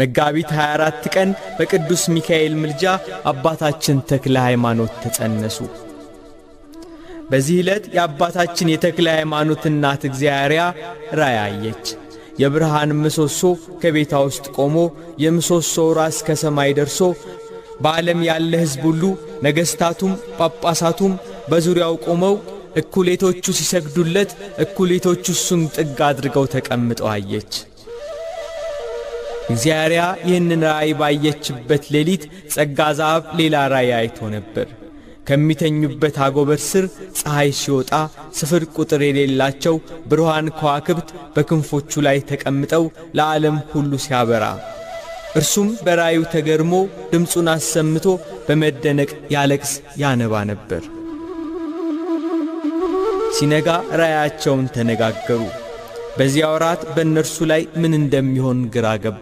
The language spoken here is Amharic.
መጋቢት 24 ቀን በቅዱስ ሚካኤል ምልጃ አባታችን ተክለ ሃይማኖት ተጸነሱ። በዚህ ዕለት የአባታችን የተክለ ሃይማኖት እናት እግዚአርያ ራእይ አየች። የብርሃን ምሰሶ ከቤቷ ውስጥ ቆሞ የምሰሶው ራስ ከሰማይ ደርሶ በዓለም ያለ ሕዝብ ሁሉ ነገሥታቱም ጳጳሳቱም በዙሪያው ቆመው እኩሌቶቹ ሲሰግዱለት፣ እኩሌቶቹ እሱን ጥግ አድርገው ተቀምጠው አየች። ዚያርያ ይህንን ራእይ ባየችበት ሌሊት ጸጋ ዛብ ሌላ ራእይ አይቶ ነበር። ከሚተኙበት አጎበር ስር ፀሐይ ሲወጣ ስፍር ቁጥር የሌላቸው ብርሃን ከዋክብት በክንፎቹ ላይ ተቀምጠው ለዓለም ሁሉ ሲያበራ እርሱም በራዩ ተገርሞ ድምፁን አሰምቶ በመደነቅ ያለቅስ ያነባ ነበር። ሲነጋ ራያቸውን ተነጋገሩ። በዚያ ወራት በእነርሱ ላይ ምን እንደሚሆን ግራ ገባ።